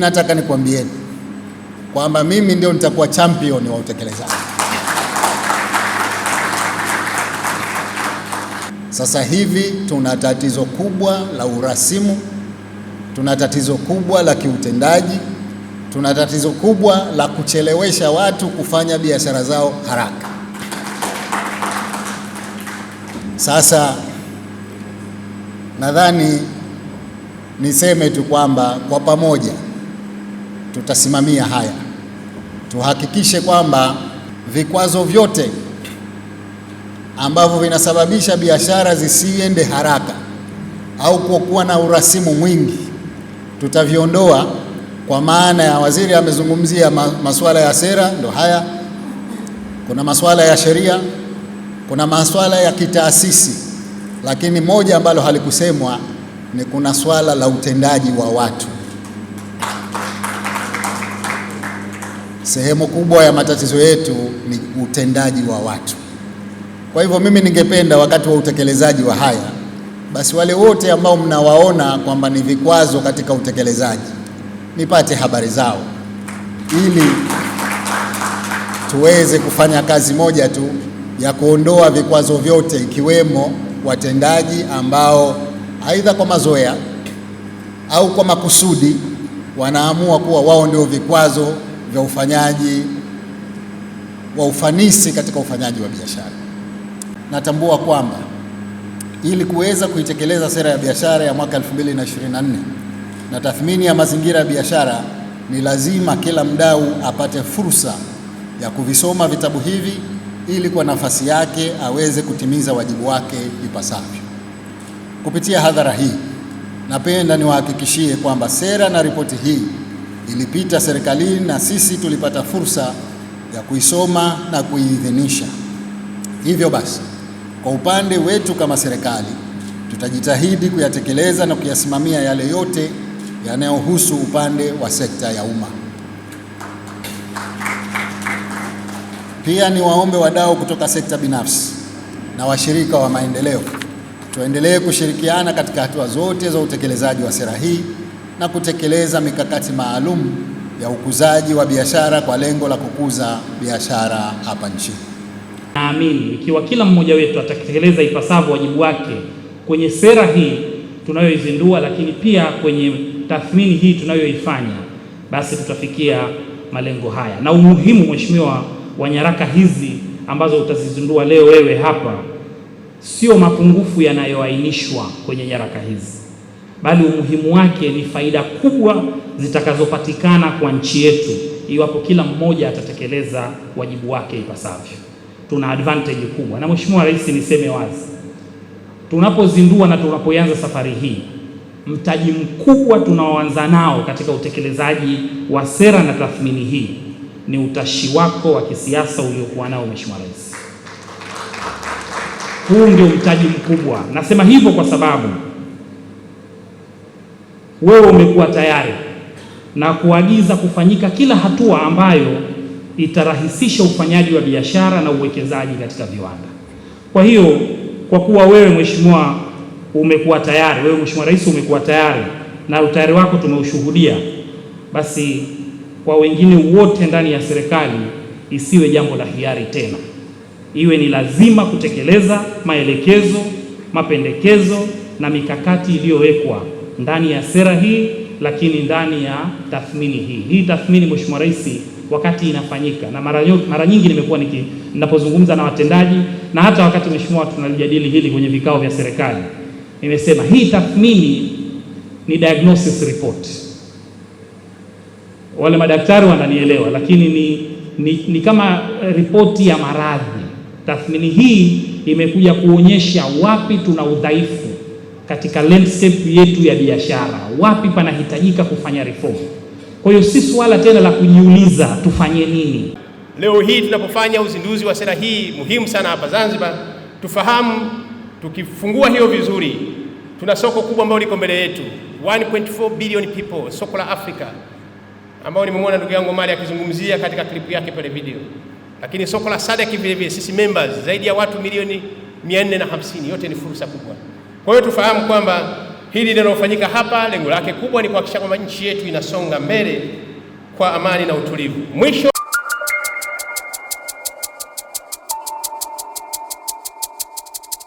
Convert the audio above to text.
Nataka nikwambieni kwamba mimi ndio nitakuwa champion wa utekelezaji. Sasa hivi tuna tatizo kubwa la urasimu, tuna tatizo kubwa la kiutendaji, tuna tatizo kubwa la kuchelewesha watu kufanya biashara zao haraka. Sasa nadhani niseme tu kwamba kwa pamoja tutasimamia haya, tuhakikishe kwamba vikwazo vyote ambavyo vinasababisha biashara zisiende haraka au kuwa na urasimu mwingi tutaviondoa. Kwa maana ya waziri amezungumzia masuala ya sera, ndo haya. Kuna masuala ya sheria, kuna masuala ya kitaasisi, lakini moja ambalo halikusemwa ni kuna swala la utendaji wa watu. Sehemu kubwa ya matatizo yetu ni utendaji wa watu. Kwa hivyo mimi ningependa wakati wa utekelezaji wa haya, basi wale wote ambao mnawaona kwamba ni vikwazo katika utekelezaji, nipate habari zao ili tuweze kufanya kazi moja tu ya kuondoa vikwazo vyote, ikiwemo watendaji ambao aidha kwa mazoea au kwa makusudi wanaamua kuwa wao ndio vikwazo vya ufanyaji wa ufanisi katika ufanyaji wa biashara. Natambua kwamba ili kuweza kuitekeleza sera ya biashara ya mwaka 2024 na tathmini ya mazingira ya biashara, ni lazima kila mdau apate fursa ya kuvisoma vitabu hivi ili kwa nafasi yake aweze kutimiza wajibu wake ipasavyo. Kupitia hadhara hii, napenda niwahakikishie kwamba sera na ripoti hii ilipita serikalini na sisi tulipata fursa ya kuisoma na kuiidhinisha. Hivyo basi, kwa upande wetu kama serikali tutajitahidi kuyatekeleza na kuyasimamia yale yote yanayohusu upande wa sekta ya umma. Pia ni waombe wadau kutoka sekta binafsi na washirika wa maendeleo tuendelee kushirikiana katika hatua zote za utekelezaji wa sera hii na kutekeleza mikakati maalum ya ukuzaji wa biashara kwa lengo la kukuza biashara hapa nchini. Naamini ikiwa kila mmoja wetu atatekeleza ipasavyo wajibu wake kwenye sera hii tunayoizindua, lakini pia kwenye tathmini hii tunayoifanya, basi tutafikia malengo haya. Na umuhimu mheshimiwa wa nyaraka hizi ambazo utazizindua leo wewe hapa, sio mapungufu yanayoainishwa kwenye nyaraka hizi bali umuhimu wake ni faida kubwa zitakazopatikana kwa nchi yetu iwapo kila mmoja atatekeleza wajibu wake ipasavyo. Tuna advantage kubwa, na Mheshimiwa Rais, niseme wazi, tunapozindua na tunapoanza safari hii, mtaji mkubwa tunaoanza nao katika utekelezaji wa sera na tathmini hii ni utashi wako wa kisiasa uliokuwa nao Mheshimiwa Rais. Huu ndio mtaji mkubwa. Nasema hivyo kwa sababu wewe umekuwa tayari na kuagiza kufanyika kila hatua ambayo itarahisisha ufanyaji wa biashara na uwekezaji katika viwanda. Kwa hiyo kwa kuwa wewe mheshimiwa umekuwa tayari, wewe Mheshimiwa Rais umekuwa tayari na utayari wako tumeushuhudia, basi kwa wengine wote ndani ya serikali isiwe jambo la hiari tena, iwe ni lazima kutekeleza maelekezo, mapendekezo na mikakati iliyowekwa ndani ya sera hii, lakini ndani ya tathmini hii. Hii tathmini Mheshimiwa Rais, wakati inafanyika na mara, mara nyingi nimekuwa niki ninapozungumza na watendaji na hata wakati Mheshimiwa tunalijadili hili kwenye vikao vya serikali, nimesema hii tathmini ni diagnosis report. Wale madaktari wananielewa, lakini ni, ni, ni kama ripoti ya maradhi. Tathmini hii imekuja kuonyesha wapi tuna udhaifu katika landscape yetu ya biashara, wapi panahitajika kufanya reform. Kwa hiyo si suala tena la kujiuliza tufanye nini. Leo hii tunapofanya uzinduzi wa sera hii muhimu sana hapa Zanzibar, tufahamu tukifungua hiyo vizuri, tuna soko kubwa ambalo liko mbele yetu 1.4 billion people, soko la Afrika ambao nimemwona ndugu yangu Mali akizungumzia katika klipu yake pale video, lakini soko la SADC vile vile, sisi members zaidi ya watu milioni 450, yote ni fursa kubwa. Kwa hiyo tufahamu kwamba hili linalofanyika hapa lengo lake kubwa ni kuhakikisha kwamba nchi yetu inasonga mbele kwa amani na utulivu. Mwisho